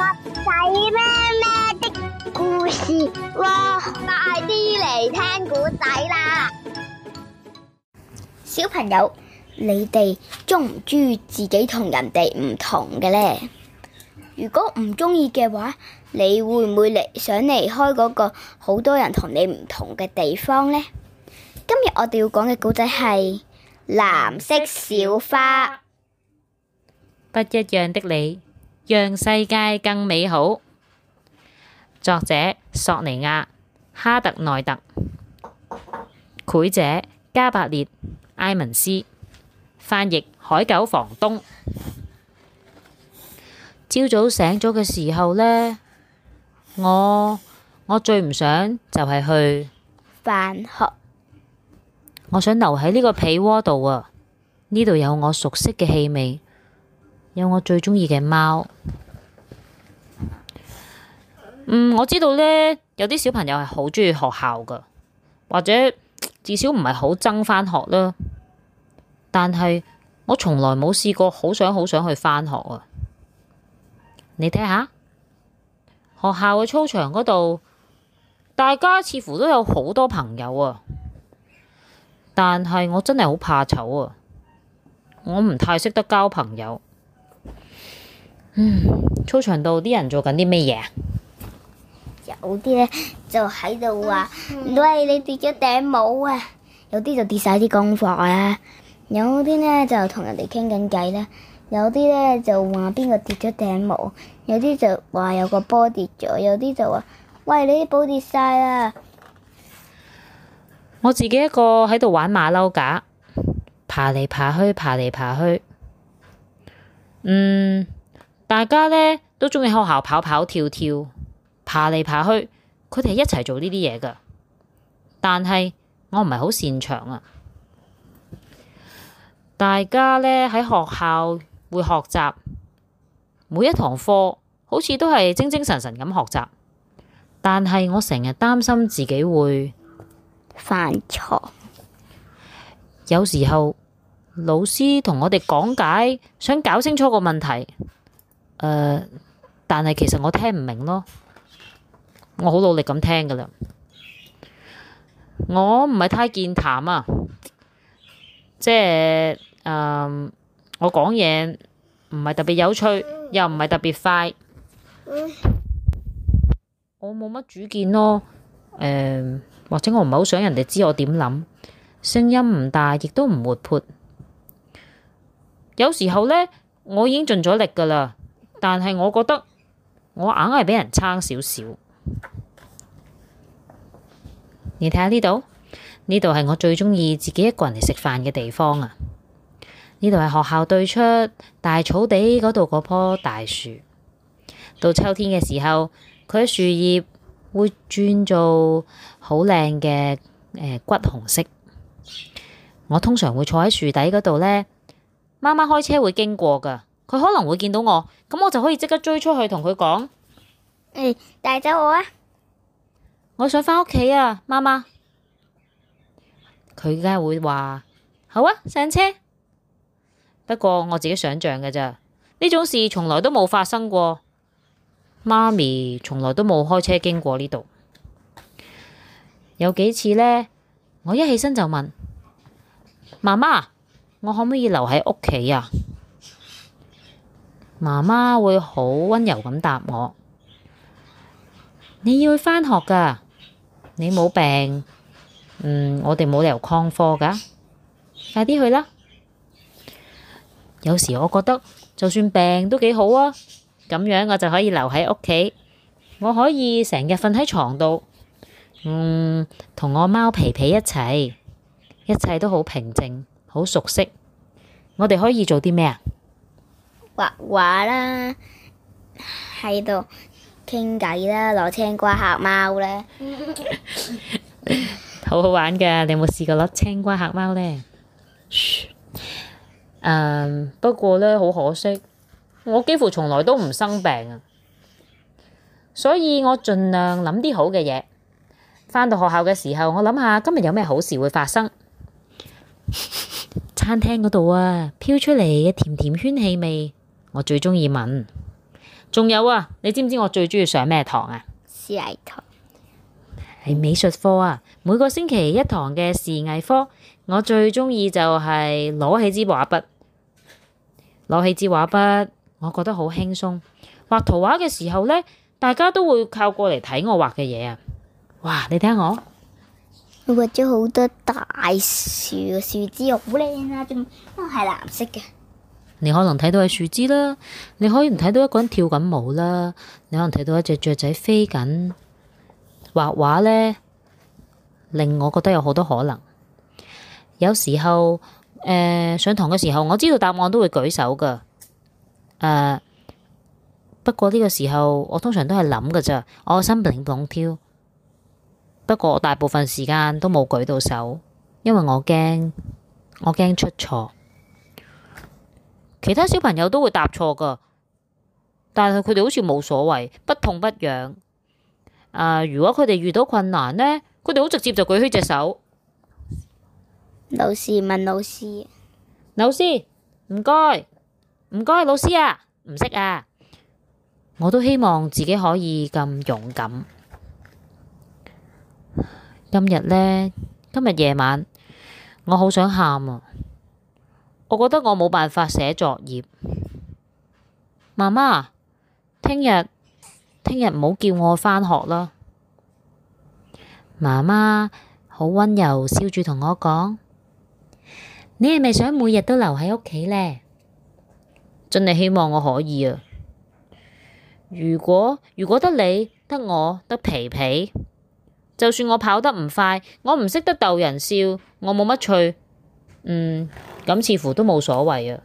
仔咩咩的故事喎，快啲嚟聽古仔啦！小朋友，你哋中唔中意自己同人哋唔同嘅呢？如果唔中意嘅話，你會唔會離想離開嗰個好多人同你唔同嘅地方呢？今日我哋要講嘅古仔係藍色小花，不一樣的你。讓世界更美好。作者：索妮雅·哈特奈特，繪者：加百列·埃文斯，翻譯：海狗房東。朝早醒咗嘅時候呢，我我最唔想就係去返學，我想留喺呢個被窩度啊！呢度有我熟悉嘅氣味。有我最中意嘅貓。嗯，我知道呢，有啲小朋友係好中意學校噶或者至少唔係好憎翻學啦。但係我從來冇試過好想好想去翻學啊！你睇下學校嘅操場嗰度，大家似乎都有好多朋友啊。但係我真係好怕醜啊！我唔太識得交朋友。嗯，操場度啲人做緊啲咩嘢啊？有啲、啊、呢就喺度話：，喂，你跌咗頂帽啊！有啲就跌晒啲功課啦，有啲呢就同人哋傾緊偈啦，有啲呢就話邊個跌咗頂帽，有啲就話有個波跌咗，有啲就話：，喂，你啲波跌晒啦！我自己一個喺度玩馬騮架，爬嚟爬去，爬嚟爬去，嗯。大家咧都中意喺學校跑跑跳跳，爬嚟爬去，佢哋一齊做呢啲嘢噶。但係我唔係好擅長啊。大家咧喺學校會學習每一堂課，好似都係精精神神咁學習。但係我成日擔心自己會犯錯錯。有時候老師同我哋講解，想搞清楚個問題。誒、呃，但係其實我聽唔明咯。我好努力咁聽噶啦。我唔係太健談啊，即係誒、呃，我講嘢唔係特別有趣，又唔係特別快。我冇乜主見咯。誒、呃，或者我唔係好想人哋知我點諗。聲音唔大，亦都唔活潑。有時候咧，我已經盡咗力噶啦。但係，我覺得我硬係俾人差少少。你睇下呢度，呢度係我最中意自己一個人嚟食飯嘅地方啊！呢度係學校對出大草地嗰度嗰棵大樹。到秋天嘅時候，佢嘅樹葉會轉做好靚嘅誒橘紅色。我通常會坐喺樹底嗰度咧。媽媽開車會經過噶。佢可能會見到我，咁我就可以即刻追出去同佢講。誒、嗯，帶走我啊！我想返屋企啊，媽媽。佢梗係會話好啊，上車。不過我自己想像嘅咋，呢種事從來都冇發生過。媽咪從來都冇開車經過呢度。有幾次呢，我一起身就問媽媽：我可唔可以留喺屋企啊？媽媽會好溫柔咁答我：你要去返學噶，你冇病，嗯，我哋冇理由曠課噶，快啲去啦。有時我覺得就算病都幾好啊，咁樣我就可以留喺屋企，我可以成日瞓喺床度，嗯，同我貓皮皮一齊，一切都好平靜，好熟悉。我哋可以做啲咩啊？畫畫啦，喺度傾偈啦，攞、啊、青瓜吓貓咧， 好好玩噶！你有冇試過攞青瓜吓貓咧？誒，um，不過咧，好可惜，我幾乎從來都唔生病啊，所以我盡量諗啲好嘅嘢。返到學校嘅時候，我諗下今日有咩好事會發生。 餐廳嗰度啊，飄出嚟嘅甜甜圈氣味。我最中意問，仲有啊！你知唔知我最中意上咩堂啊？視藝堂係美術科啊！每個星期一堂嘅視藝科，我最中意就係攞起支畫筆，攞起支畫筆，我覺得好輕鬆。畫圖畫嘅時候呢，大家都會靠過嚟睇我畫嘅嘢啊！哇，你睇我，我畫咗好多大樹，樹枝好靚啊，仲都係藍色嘅。你可能睇到係樹枝啦，你可以唔睇到一個人跳緊舞啦，你可能睇到一隻雀仔飛緊畫畫咧，令我覺得有好多可能。有時候誒、呃，上堂嘅時候我知道答案都會舉手噶，誒、呃，不過呢個時候我通常都係諗噶咋，我心靈蹦跳。Ale, 不過我大部分時間都冇舉到手，因為我驚我驚出錯。其他小朋友都會答錯㗎，但係佢哋好似冇所謂，不痛不癢。啊、呃，如果佢哋遇到困難呢，佢哋好直接就舉起隻手。老師問老師，老師唔該，唔該，老師啊，唔識啊。我都希望自己可以咁勇敢。今日呢，今日夜晚，我好想喊啊！我覺得我冇辦法寫作業，媽媽，聽日聽日唔好叫我返學啦。媽媽好溫柔笑住同我講：「你係咪想每日都留喺屋企咧？真係希望我可以啊！如果如果得你、得我、得皮皮，就算我跑得唔快，我唔識得逗人笑，我冇乜趣，嗯。咁似乎都冇所謂啊！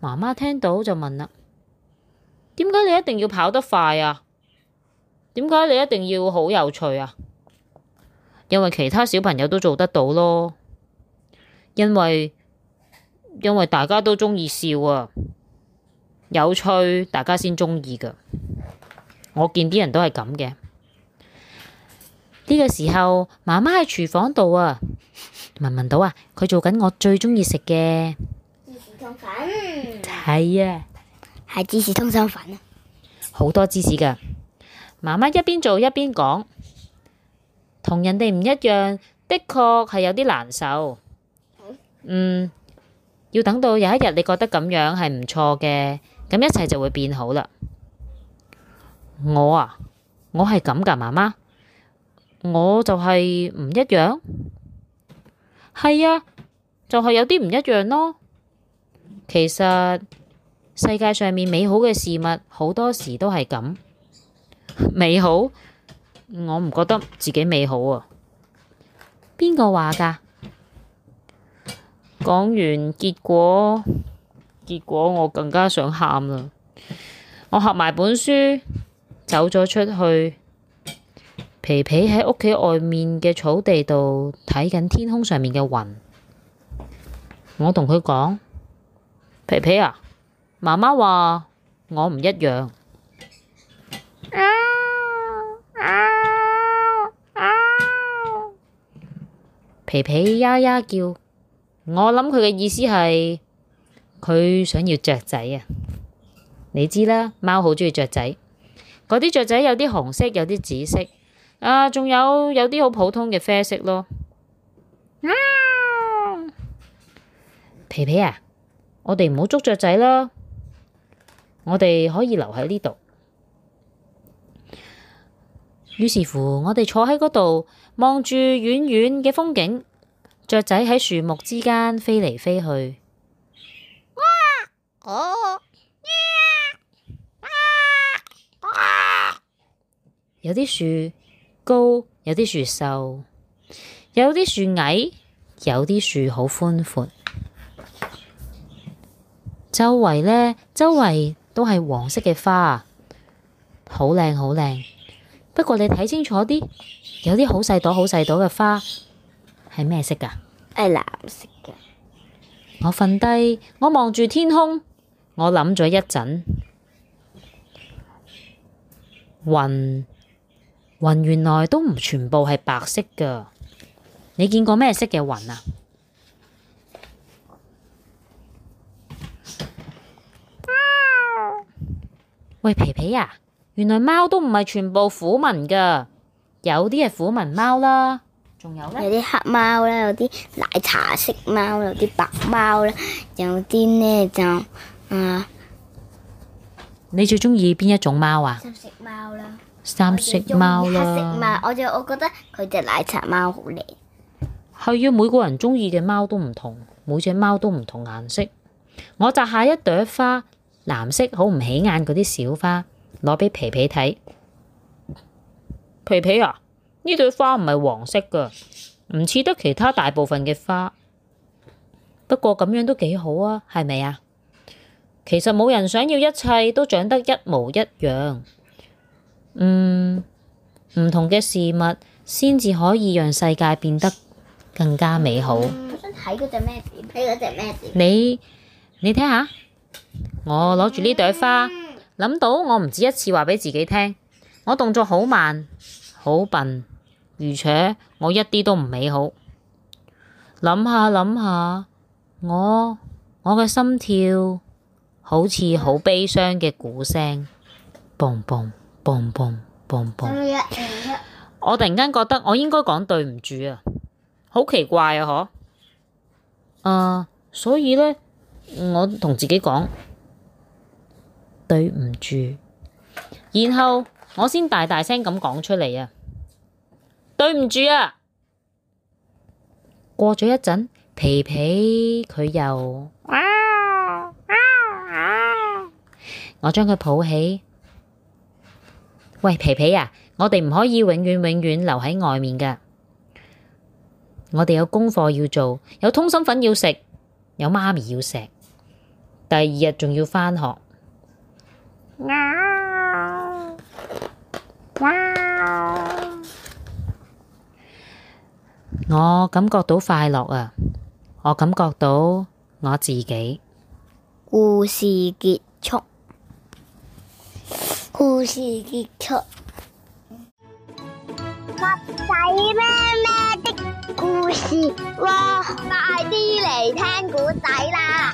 媽媽聽到就問啦：點解你一定要跑得快啊？點解你一定要好有趣啊？因為其他小朋友都做得到咯，因為因為大家都中意笑啊，有趣大家先中意噶。我見啲人都係咁嘅。呢個時候，媽媽喺廚房度啊。聞唔聞到啊？佢做緊我最中意食嘅芝士通粉，係啊，係芝士通心粉啊，好多芝士㗎。媽媽一邊做一邊講，同人哋唔一樣，的確係有啲難受。嗯，要等到有一日你覺得咁樣係唔錯嘅，咁一切就會變好啦。我啊，我係咁㗎，媽媽，我就係唔一樣。係啊，就係有啲唔一樣咯。其實世界上面美好嘅事物好多時都係咁。美好？我唔覺得自己美好啊。邊個話噶？講完結果，結果我更加想喊啦。我合埋本書，走咗出去。皮皮喺屋企外面嘅草地度睇緊天空上面嘅雲。我同佢講：皮皮啊，媽媽話我唔一樣。啊啊啊、皮皮呀呀叫，我諗佢嘅意思係佢想要雀仔啊。你知啦，貓好中意雀仔，嗰啲雀仔有啲紅色，有啲紫色。啊，仲有有啲好普通嘅啡色咯。呃、皮皮啊，我哋唔好捉雀仔啦，我哋可以留喺呢度。於是乎我，我哋坐喺嗰度，望住遠遠嘅風景，雀仔喺樹木之間飛嚟飛去。哦啊啊、有啲樹。高有啲樹瘦，有啲樹矮，有啲樹好寬闊。周圍咧，周圍都係黃色嘅花，好靚好靚。不過你睇清楚啲，有啲好細朵、好細朵嘅花係咩色㗎？係藍色嘅。我瞓低，我望住天空，我諗咗一陣，雲。雲原來都唔全部係白色噶，你見過咩色嘅雲啊？喂，皮皮啊，原來貓都唔係全部虎紋噶，有啲係虎紋貓啦，仲有咧？有啲黑貓啦，有啲奶茶色貓，有啲白貓啦，有啲咧就，啊！你最中意邊一種貓啊？想食貓啦。三色貓啦，啊，我就我覺得佢隻奶茶貓好靚。係啊，每個人中意嘅貓都唔同，每隻貓都唔同顏色。我摘下一朵花，藍色好唔起眼嗰啲小花，攞俾皮皮睇。皮皮啊，呢朵花唔係黃色噶，唔似得其他大部分嘅花。不過咁樣都幾好啊，係咪啊？其實冇人想要一切都長得一模一樣。嗯，唔同嘅事物先至可以讓世界變得更加美好。你你聽下，我攞住呢朵花，諗、嗯、到我唔止一次話畀自己聽，我動作好慢，好笨，而且我一啲都唔美好。諗下諗下，我我嘅心跳好似好悲傷嘅鼓聲，嘣嘣。嘣嘣嘣嘣！砰砰，我突然間覺得我應該講對唔住啊，好奇怪啊嗬。誒、啊，所以咧，我同自己講對唔住，然後我先大大聲咁講出嚟 啊，對唔住啊！過咗一陣，皮皮佢又， 我將佢抱起。喂，皮皮啊！我哋唔可以永遠永遠留喺外面噶，我哋有功課要做，有通心粉要食，有媽咪要食，第二日仲要返學。喵喵。我感覺到快樂啊！我感覺到我自己。故事結。故事結束。襪仔咩咩的故事喎？哇快啲嚟聽故仔啦！